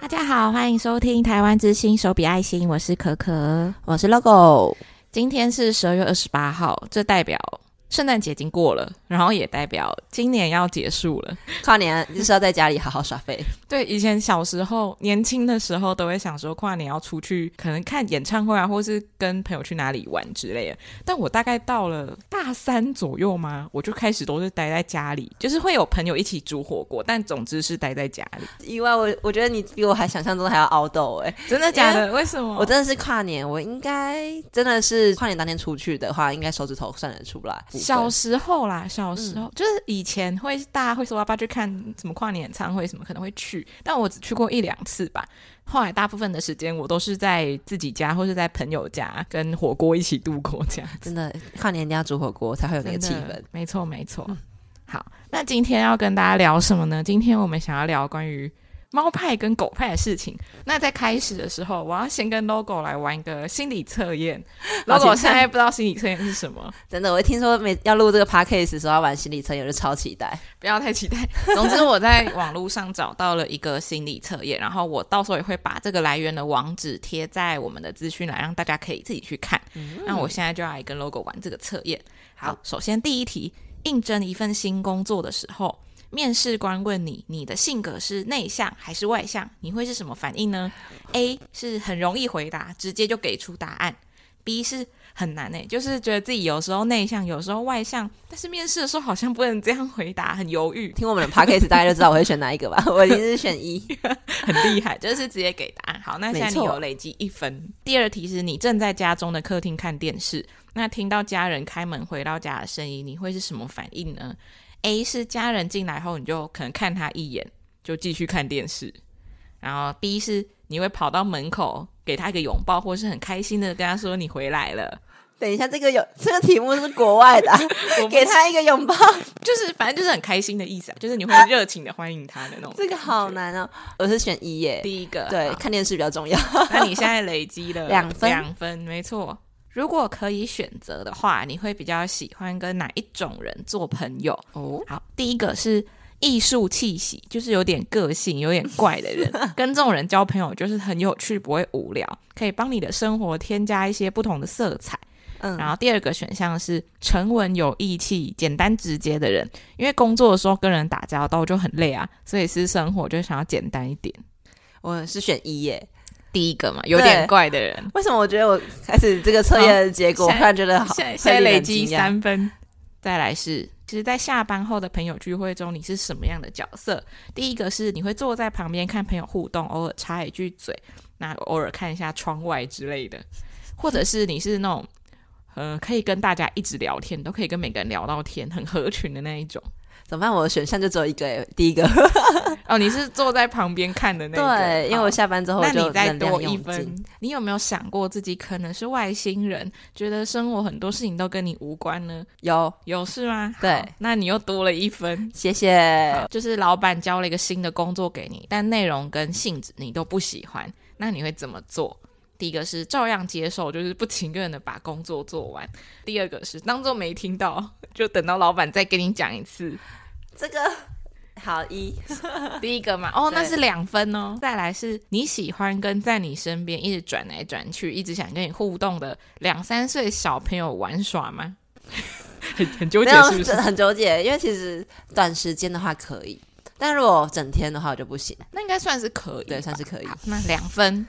大家好，歡迎收聽《台灣之心手比愛心》，我是可可，我是 Logo，今天是十二月二十八號，這代表，聖誕節已經過了，然後也代表今年要結束了。跨年就是要在家裡好好耍廢。 對，以前小時候年輕的時候都會想說跨年要出去，可能看演唱會啊，或是跟朋友去哪裡玩之類的。但我大概到了大三左右嘛，我就開始都是待在家裡，就是會有朋友一起煮火鍋，但總之是待在家裡。以外，我我覺得你比我還想象中還要 outdoor 哎，真的假的？為、為什麼？我真的是跨年，我應該真的是跨年當天出去的話，應該手指頭算得出來。小時候啦，小時候、嗯、就是以前會大家會說要不去看什麼跨年演唱會什麼，可能會去，但我只去過一兩次吧。後來大部分的時間，我都是在自己家或是在朋友家跟火鍋一起度過這樣子。真的，跨年一定要煮火鍋才會有那個氣氛。沒錯，沒錯、嗯。好，那今天要跟大家聊什麼呢？嗯、今天我們想要聊關於。貓派跟狗派的事情，那在開始的時候，我要先跟 logo 來玩一個心理測驗。logo 我現在不知道心理測驗是什麼，真的，我一聽說每要錄這個 podcast 的時候，要玩心理測驗我就超期待，不要太期待。總之，我在網路上找到了一個心理測驗， 然後我到時候也會把這個來源的網址貼在我們的資訊欄，讓大家可以自己去看嗯嗯。那我現在就來跟 logo 玩這個測驗。好，首先第一題，應徵一份新工作的時候。面試官問你：“你的性格是內向還是外向？”你會是什麼反應呢？A 是很容易回答，直接就給出答案；B 是很難誒、欸，就是覺得自己有時候內向，有時候外向，但是面試的時候好像不能這樣回答，很猶豫。聽我們的 podcast 大家就知道我會選哪一個吧。 我一定是選一 很厲害，就是直接給答案。好，那現在你有累積一分。第二題是你正在家中的客廳看電視，那聽到家人開門回到家的聲音，你會是什麼反應呢？A 是家人進來後，你就可能看他一眼，就繼續看電視。然後 B 是你會跑到門口給他一個擁抱，或是很開心的跟他說你回來了。等一下，這個有這個題目是國外的、啊， 給他一個擁抱，就是反正就是很開心的意思、啊，就是你會熱情的歡迎他的那種、啊。這個好難哦，我是選一耶，第一個對，看電視比較重要。 那你現在累積了兩分，兩分沒錯。如果可以選擇的話，你會比較喜歡跟哪一種人做朋友？哦、oh.，好，第一個是藝術氣息，就是有點個性、有點怪的人， 跟這種人交朋友就是很有趣，不會無聊，可以幫你的生活添加一些不同的色彩。嗯，然後第二個選項是沉穩有義氣、簡單直接的人，因為工作的時候跟人打交道就很累啊，所以私生活就想要簡單一點。我是選一耶。第一個嘛，有點怪的人。為什麼我覺得我開始這個測驗的結果，我突然覺得好，先累積三分。再來是，其實，在下班後的朋友聚會中，你是什麼樣的角色？第一個是，你會坐在旁邊看朋友互動，偶爾插一句嘴，那偶爾看一下窗外之類的，或者是你是那種，呃，可以跟大家一直聊天，都可以跟每個人聊到天，很合群的那一種。怎麼辦？我的選項就只有一個，第一個 哦，你是坐在旁邊看的那個。對，因為我下班之後我就能量用盡。那你再多一分。你有沒有想過自己可能是外星人？覺得生活很多事情都跟你無關呢？有有是嗎？對，那你又多了一分，謝謝。就是老闆交了一個新的工作給你，但內容跟性質你都不喜歡，那你會怎麼做？第一個是照樣接受，就是不情願地把工作做完；第二個是當做沒聽到，就等到老闆再跟你講一次。這個好一 第一個嘛，哦，那是兩分哦。再來是你喜歡跟在你身邊一直轉來轉去，一直想跟你互動的兩三歲小朋友玩耍嗎？ 很很糾結，是不是很糾結？因為其實短時間的話可以，但如果整天的話就不行。那應該算是可以，對，算是可以。那兩分。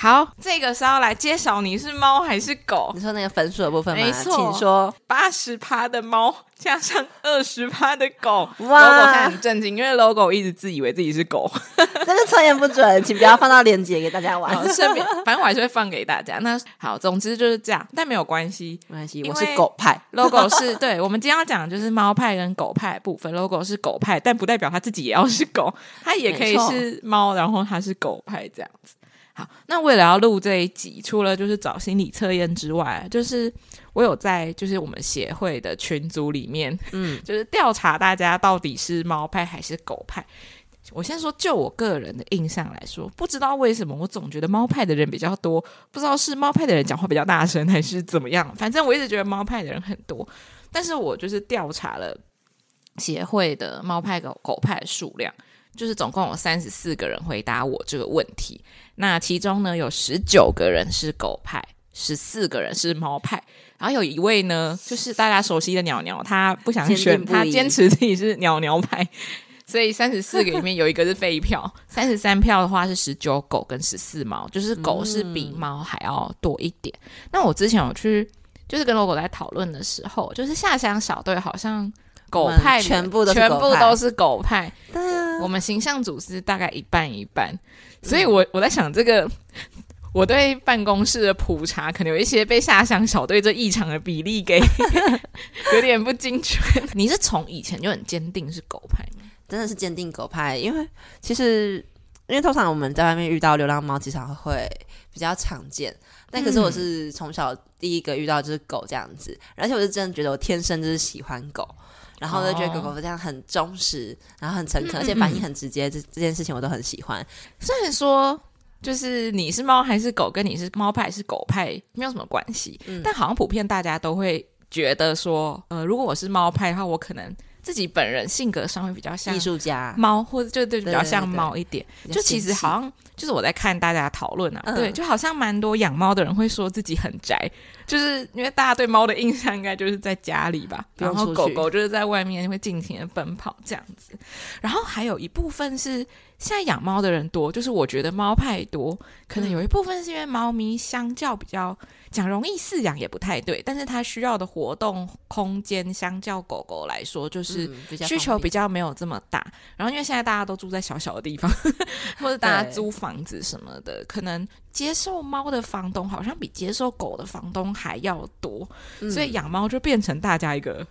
好，這個是要來揭曉你是貓還是狗？你說那個分數的部分嗎？沒錯，請說。八十趴的貓加上二十趴的狗。哇！logo 很震驚，因為 logo 一直自以為自己是狗，這個測驗不準， 請不要放到鏈接給大家玩。好，順便，反正我還是會放給大家。那好，總之就是這樣，但沒有關係，沒關係。我是狗派，logo 是對。 我們今天要講的就是貓派跟狗派部分，logo 是狗派，但不代表他自己也要是狗，他也可以是貓，然後他是狗派這樣子。那為了要錄這一集，除了就是找心理測驗之外，就是我有在就是我們協會的群組裡面，嗯，就是調查大家到底是貓派還是狗派。我先說，就我個人的印象來說，不知道為什麼，我總覺得貓派的人比較多。不知道是貓派的人講話比較大聲，還是怎麼樣？反正我一直覺得貓派的人很多。但是我就是調查了協會的貓派狗狗派的數量，就是總共有三十四個人回答我這個問題，那其中呢，有十九個人是狗派，十四個人是貓派，然後有一位呢，就是大家熟悉的鳥鳥，他不想選，他堅持自己是鳥鳥派， 所以三十四個裡面有一個是廢票，三十三票的話是十九狗跟十四貓，就是狗是比貓還要多一點。嗯、那我之前有去就是跟羅狗在討論的時候，就是下鄉小隊好像。狗派全部的全部都是狗派，對啊，我們形象組是大概一半一半，所以我我在想這個，我對辦公室的普查可能有一些被下鄉小隊這異常的比例給 有點不精確。 你是從以前就很堅定是狗派，真的是堅定狗派，因為其實因為通常我們在外面遇到流浪貓，經常會比較常見，但可是我是從小第一個遇到就是狗這樣子、嗯，而且我是真的覺得我天生就是喜歡狗。然後就覺得狗狗這樣很忠實，哦、然後很誠懇嗯嗯嗯，而且反應很直接，這這件事情我都很喜歡。雖然說就是你是貓還是狗，跟你是貓派還是狗派沒有什麼關係、嗯，但好像普遍大家都會覺得說，呃，如果我是貓派的話，我可能自己本人性格上會比較像藝術家貓，或者就對比較像貓一點。對對對對就其實好像就是我在看大家討論啊、嗯，對，就好像蠻多養貓的人會說自己很宅。就是因為大家對貓的印象應該就是在家裡吧，然後狗狗就是在外面會盡情的奔跑這樣子。然後還有一部分是現在養貓的人多，就是我覺得貓派多，可能有一部分是因為貓咪相較比較講容易飼養也不太對，但是它需要的活動空間相較狗狗來說，就是需求比較沒有這麼大。然後因為現在大家都住在小小的地方，或者大家租房子什麼的，可能。接受貓的房東好像比接受狗的房東還要多，嗯、所以養貓就變成大家一個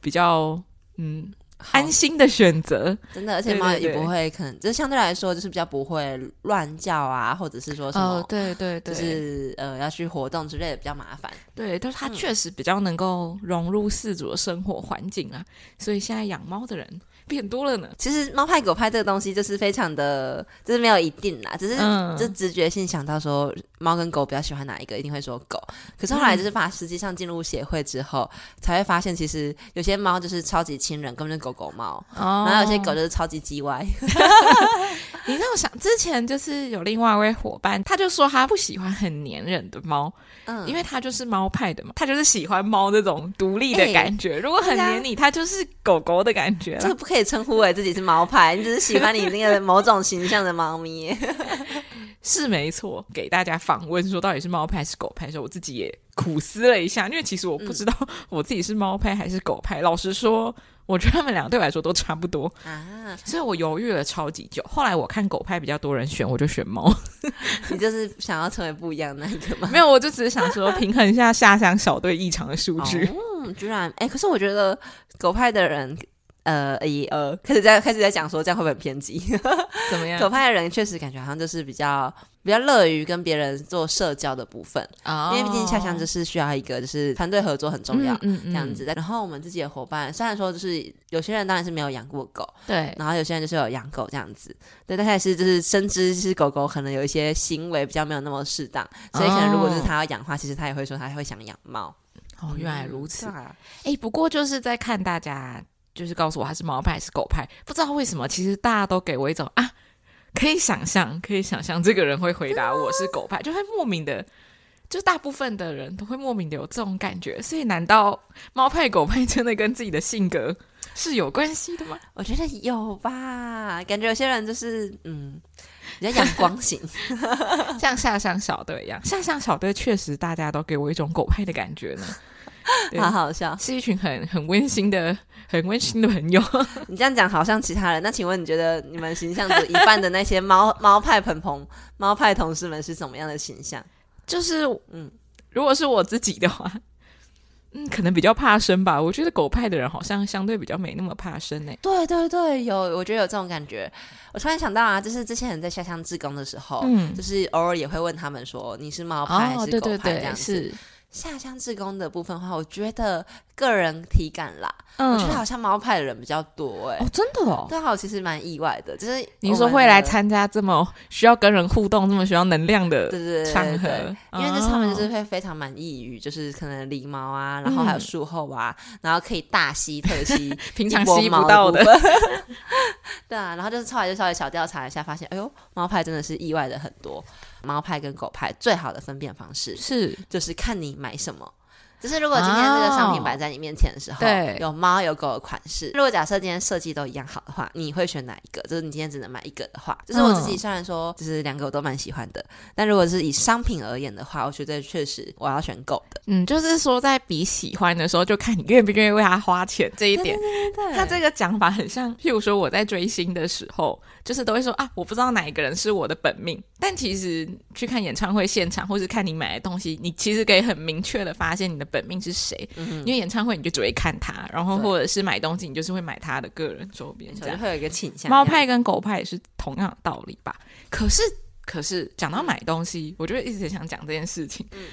比較嗯安心的選擇。真的，而且貓也不會，可能對對對，就是相對來說就是比較不會亂叫啊，或者是說什麼、就是呃，對對，對，就是呃要去活動之類的比較麻煩。對，但是它確實比較能夠融入飼主的生活環境啊、嗯，所以現在養貓的人，變多了呢。其實貓派狗派這個東西就是非常的，就是沒有一定啦。只是就直覺性想到說，貓跟狗比較喜歡哪一個，一定會說狗。可是後來就是把，實際上進入協會之後，嗯，才會發現其實有些貓就是超級親人，根本就狗狗貓、哦。然後有些狗就是超級 G 歪 你、欸、讓我想，之前就是有另外一位夥伴，他就說他不喜歡很黏人的貓，嗯，因為他就是貓派的嘛，他就是喜歡貓這種獨立的感覺。欸、如果很黏你，他就是狗狗的感覺。這個不可以稱呼為自己是貓派， 你只是喜歡你那個某種形象的貓咪。 是沒錯，給大家訪問說到底是貓派還是狗派時候，我自己也苦思了一下，因為其實我不知道我自己是貓派還是狗派，嗯。老實說，我覺得他們兩個對我來說都差不多啊，所以我猶豫了超級久。後來我看狗派比較多人選，我就選貓。你就是想要成為不一樣那個嗎？ 沒有，我就只是想說平衡一下下鄉小隊異常的數據。嗯、哦，居然哎、欸，可是我覺得狗派的人。呃，一呃開始在開始在講說這樣會不會很偏激？ 怎麼樣？狗派的人確實感覺好像就是比較比較樂於跟別人做社交的部分，oh. 因為畢竟下鄉就是需要一個就是團隊合作很重要這樣子。嗯嗯嗯、然後我們自己的夥伴，雖然說就是有些人當然是沒有養過狗，對，然後有些人就是有養狗這樣子。對，但也是就是深知、就是狗狗可能有一些行為比較沒有那麼適當，所以可能如果是他要養的話，oh. 其實他也會說他會想養貓。哦，原來如此。哎、嗯啊欸，不過就是在看大家。就是告訴我他是貓派還是狗派，不知道為什麼，其實大家都給我一種啊，可以想象，可以想象這個人會回答我是狗派，就會莫名的，就大部分的人都會莫名的有這種感覺。所以，難道貓派狗派真的跟自己的性格是有關係的嗎？我覺得有吧，感覺有些人就是嗯，比較陽光型， 像下鄉小隊一樣，下鄉小隊確實大家都給我一種狗派的感覺呢。好好笑，是一群很很溫馨的、很溫馨的朋友。你這樣講好像其他人。那請問你覺得你們形象的一半的那些貓貓派蓬蓬、鵬鵬、貓派同事們是怎麼樣的形象？就是嗯，如果是我自己的話，嗯，可能比較怕生吧。我覺得狗派的人好像相對比較沒那麼怕生誒、欸。對對對，有，我覺得有這種感覺。我突然想到啊，就是之前在下鄉志工的時候，嗯，就是偶爾也會問他們說，你是貓派還是狗派這樣子。哦對對對對，是。下鄉志工的部分的話，我覺得。個人體感啦，嗯，我覺得好像貓派的人比較多哎、欸，哦，真的哦，剛好、啊、其實蠻意外的，就是您說會來參加這麼需要跟人互動、這麼需要能量的對對場合，因為這他們就是會非常滿意於就是可能狸貓啊，然後還有術後啊、嗯，然後可以大吸特吸平常吸不到的， 對啊，然後就是後來就稍微小調查一下，發現哎呦，貓派真的是意外的很多。貓派跟狗派最好的分辨方式是就是看你買什麼。就是如果今天這個商品擺在你面前的時候、哦，對，有貓有狗的款式。如果假設今天設計都一樣好的話，你會選哪一個？就是你今天只能買一個的話，就是我自己雖然說，就是兩個我都蠻喜歡的，但如果是以商品而言的話，我覺得確實我要選狗的。嗯，就是說在比喜歡的時候，就看你願不願意為它花錢這一點。對對對，他這個講法很像，譬如說我在追星的時候，就是都會說啊，我不知道哪一個人是我的本命，但其實去看演唱會現場或是看你買的東西，你其實可以很明確的發現你的本命。本命是誰？嗯。因為演唱會你就只會看他，然後或者是買東西，你就是會買他的個人周邊，這樣會有一個傾向。貓派跟狗派也是同樣的道理吧？可是，可是講到買東西，我就一直想講這件事情、嗯。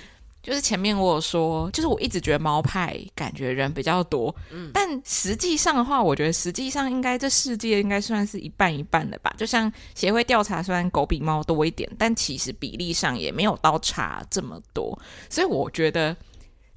就是前面我有說，就是我一直覺得貓派感覺人比較多，嗯、但實際上的話，我覺得實際上應該這世界應該算是一半一半的吧？就像協會調查，雖然狗比貓多一點，但其實比例上也沒有到差這麼多，所以我覺得。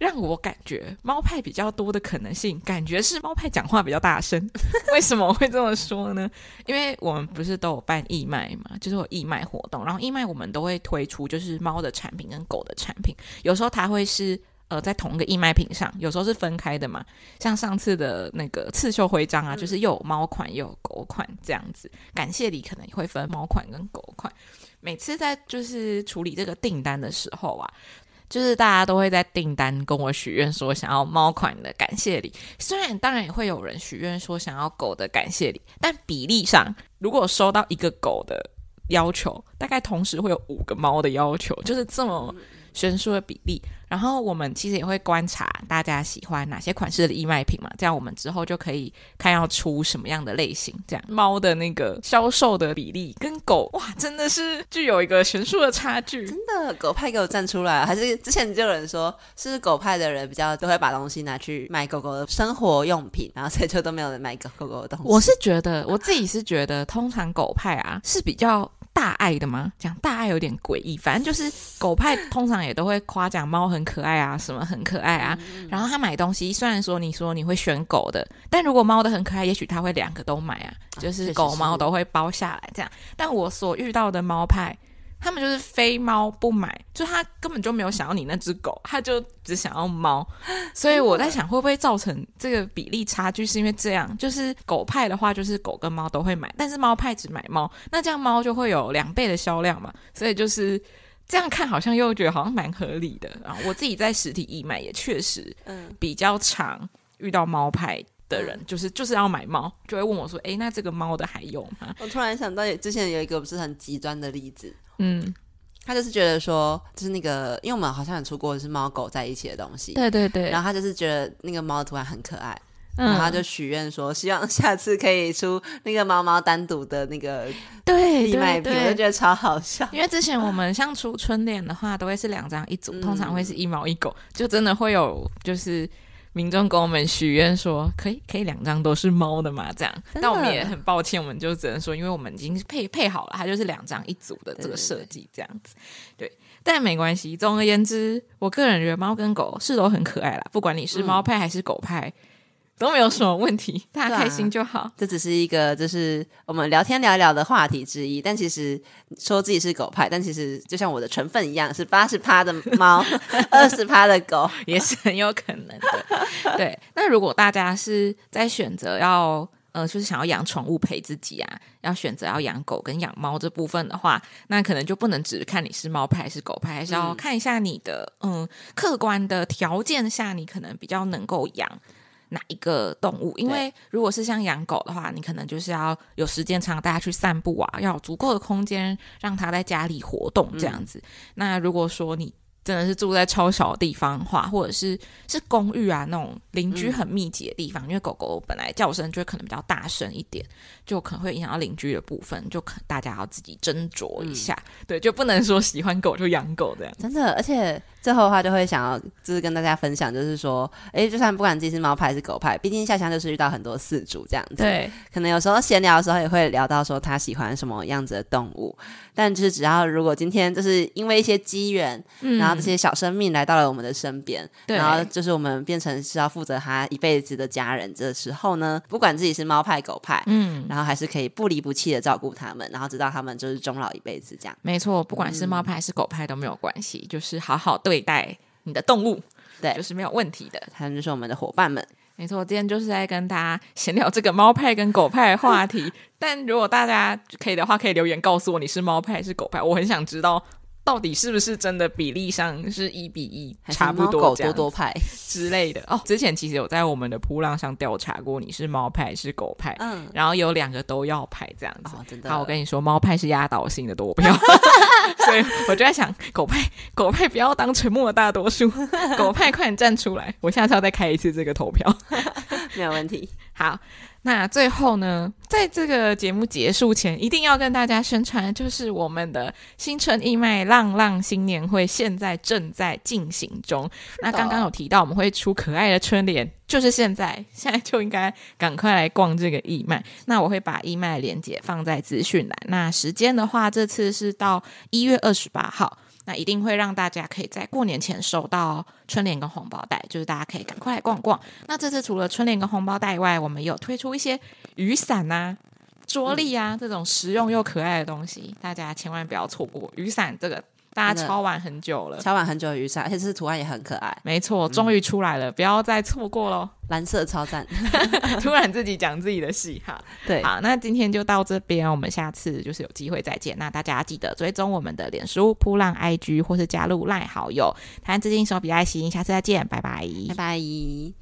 讓我感覺貓派比較多的可能性，感覺是貓派講話比較大聲。為什麼我會這麼說呢？因為我們不是都有辦義賣嘛，就是有義賣活動，然後義賣我們都會推出就是貓的產品跟狗的產品，有時候它會是呃在同一個義賣品上，有時候是分開的嘛。像上次的那個刺繡徽章啊，就是又有貓款又有狗款這樣子。感謝禮，可能也會分貓款跟狗款。每次在就是處理這個訂單的時候啊，就是大家都會在訂單跟我許願說想要貓款的感謝禮，雖然當然也會有人許願說想要狗的感謝禮，但比例上，如果收到一個狗的要求，大概同時會有五個貓的要求，就是這麼。懸殊的比例，然後我們其實也會觀察大家喜歡哪些款式的義賣品嘛，這樣我們之後就可以看要出什麼樣的類型。這樣貓的那個銷售的比例跟狗哇，真的是具有一個懸殊的差距。 真的，狗派給我站出來，還是之前就有人說，是狗派的人比較都會把東西拿去買狗狗的生活用品，然後所以就都沒有人買狗狗的東西。我是覺得，我自己是覺得， 通常狗派啊是比較。大愛的嗎？講大愛有點詭異，反正就是狗派通常也都會誇獎貓很可愛啊，什麼很可愛啊。然後他買東西，雖然說你說你會選狗的，但如果貓的很可愛，也許他會兩個都買啊，啊就是狗貓都會包下來這樣。但我所遇到的貓派。他們就是非貓不買，就他根本就沒有想要你那只狗，他就只想要貓，所以我在想會不會造成這個比例差距是因為這樣？就是狗派的話，就是狗跟貓都會買，但是貓派只買貓，那這樣貓就會有兩倍的銷量嘛？所以就是這樣看，好像又覺得好像蠻合理的。然後我自己在實體義賣也確實比較常遇到貓派的人，就是就是要買貓，就會問我說：“誒、欸，那這個貓的還有嗎？”我突然想到也之前有一個不是很極端的例子。嗯，他就是覺得說，就是那個，因為我們好像有出過是貓狗在一起的東西，對對對。然後他就是覺得那個貓圖案很可愛，嗯，然後他就許願說，希望下次可以出那個貓貓單獨的那個。對對對，我覺得超好笑。因為之前我們像出春聯的話，都會是兩張一組，嗯，通常會是一貓一狗，就真的會有就是。民眾給我們許願說，可以可以兩張都是貓的嘛？這樣，但我們也很抱歉，我們就只能說，因為我們已經配配好了，它就是兩張一組的這個設計這樣子。對對對對。對，但沒關係。總而言之，我個人覺得貓跟狗是都很可愛啦，不管你是貓派還是狗派。嗯都沒有什麼問題，大家開心就好。啊、這只是一個就是我們聊天聊一聊的話題之一。但其實說自己是狗派，但其實就像我的成分一樣，是八十趴的貓，二十趴的狗，也是很有可能的。 對。那如果大家是在選擇要，呃，就是想要養寵物陪自己啊，要選擇要養狗跟養貓這部分的話，那可能就不能只看你是貓派還是狗派，還是要看一下你的，嗯，嗯客觀的條件下，你可能比較能夠養。哪一個動物？因為如果是像養狗的話，你可能就是要有時間常常帶它去散步啊，要有足夠的空間讓它在家裡活動這樣子，嗯。那如果說你真的是住在超小的地方的話，或者是是公寓啊那種鄰居很密集的地方，嗯、因為狗狗本來叫聲就可能比較大聲一點，就可能會影響到鄰居的部分，就可大家要自己斟酌一下，嗯。對，就不能說喜歡狗就養狗這樣。真的，而且。最後的話就會想要就是跟大家分享，就是說，哎、欸，就算不管自己是貓派還是狗派，畢竟下鄉就是遇到很多飼主這樣子，對，可能有時候閒聊的時候也會聊到說他喜歡什麼樣子的動物，但就是只要如果今天就是因為一些機緣、嗯，然後這些小生命來到了我們的身邊，對，然後就是我們變成是要負責他一輩子的家人，這時候呢，不管自己是貓派狗派，嗯，然後還是可以不離不棄的照顧他們，然後直到他們就是終老一輩子這樣。沒錯，不管是貓派還是狗派都沒有關係，就是好好對。對待你的動物，對，就是沒有問題的。他們就是我們的夥伴們。沒錯，我今天就是在跟大家閒聊這個貓派跟狗派的話題。 但如果大家可以的話，可以留言告訴我你是貓派還是狗派，我很想知道。到底是不是真的比例上是一比一差不多還是狗多多派之類的哦。之前其實有在我們的鋪浪上調查過，你是貓派還是狗派？嗯，然後有兩個都要派這樣子，哦。真的，好，我跟你說，貓派是壓倒性的多票， 所以我就在想，狗派，狗派不要當沉默的大多數，狗派快點站出來，我下次要再開一次這個投票。 沒有問題。好，那最後呢，在這個節目結束前，一定要跟大家宣傳，就是我們的新春義賣浪浪新年會現在正在進行中。那剛剛有提到，我們會出可愛的春聯，就是現在，現在就應該趕快來逛這個義賣。那我會把義賣鏈接放在資訊欄。那時間的話，這次是到一月二十八號。那一定會讓大家可以在過年前收到春聯跟紅包袋，就是大家可以趕快來逛逛。那這次除了春聯跟紅包袋以外，我們有推出一些雨傘吶、啊、壓克力啊這種實用又可愛的東西，嗯、大家千萬不要錯過雨傘這個。大家超、那、玩、個、很久了，敲碗很久的雨傘，而且這個圖案也很可愛。沒錯，終於出來了，嗯、不要再錯過嘍！藍色超讚， 突然自己講自己的戲哈。對，好，那今天就到這邊，我們下次就是有機會再見。那大家記得追蹤我們的臉書、噗浪 IG，或是加入 LINE 好友，談最近手比較愛心。下次再見，拜拜，拜拜。